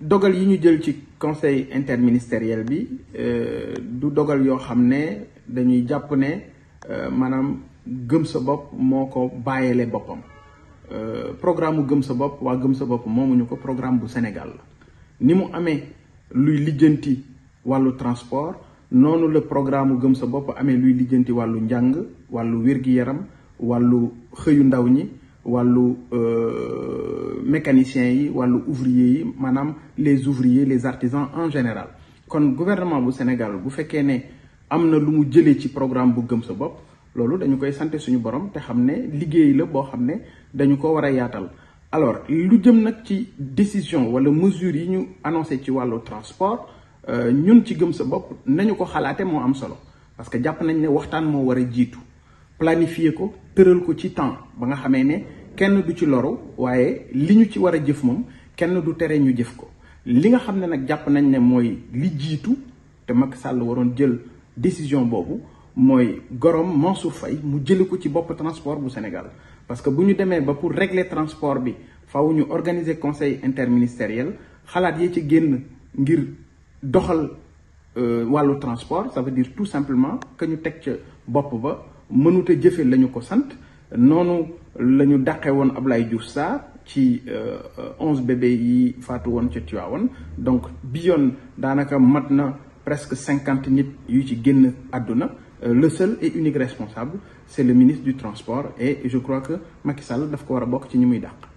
dogal yi ñu jël ci conseil interministériel bi euh, du dogal yoo xam ne dañuy jàpp ne euh, maanaam gëm sa bopp moo ko bàyyele boppam euh, programme mu gëm sa bopp waa gëm sa bopp moomuñu ko programme bu Sénégal la ni mu amee luy lijjanti wàllu transport noonu la programme mu gëm sa bopp amee luy lijjanti wàllu njàng wàllu wér-gi-yaram wàllu xëyu ndaw ñi wàllu euh, mécaniciens yi wàllu ouvrier yi maanaam les ouvrier les artisans en général kon gouvernement bu Sénégal bu fekkee ne am na lu mu jëlee ci programme bu gëm sa bopp loolu dañu koy sant suñu borom te xam ne liggéey la boo xam ne dañu ko war a yaatal alors lu jëm nag ci décision wala mesure yi ñu annoncé ci wàllu transport euh, ñun ci gëm sa bopp nañu ko xalaate moo am solo parce que jàpp nañ ne waxtaan moo war a jiitu planifier ko tëral ko ci temps ba nga xamee ne kenn du ci loru waaye li ñu ci war a jëf moom kenn du tere ñu jëf ko li nga xam ne nag jàpp nañ ne mooy li jiitu te Macky sàll waroon jël décision boobu mooy gorom Mansour Faye mu jëli ko ci bopp transport bu Sénégal parce que bu ñu demee ba pour régler transport bi faw ñu organiser conseil interministériel xalaat yi ci génn ngir doxal euh, wàllu transport ça veut dire tout simplement que ñu teg ca bopp ba mënut a jëfe la ñu ko sant noonu la ñu dàqe woon Ablaye Diouf Sarr ci euh, onze bébé yi faatu woon ca Tivaouane donc bi daanaka mat na presque cinquante nit yu ci génn àdduna euh, le seul et unique responsable c'est le ministre du transport et je crois que Macky Sall daf ko war a bokk ci ñi muy dàq.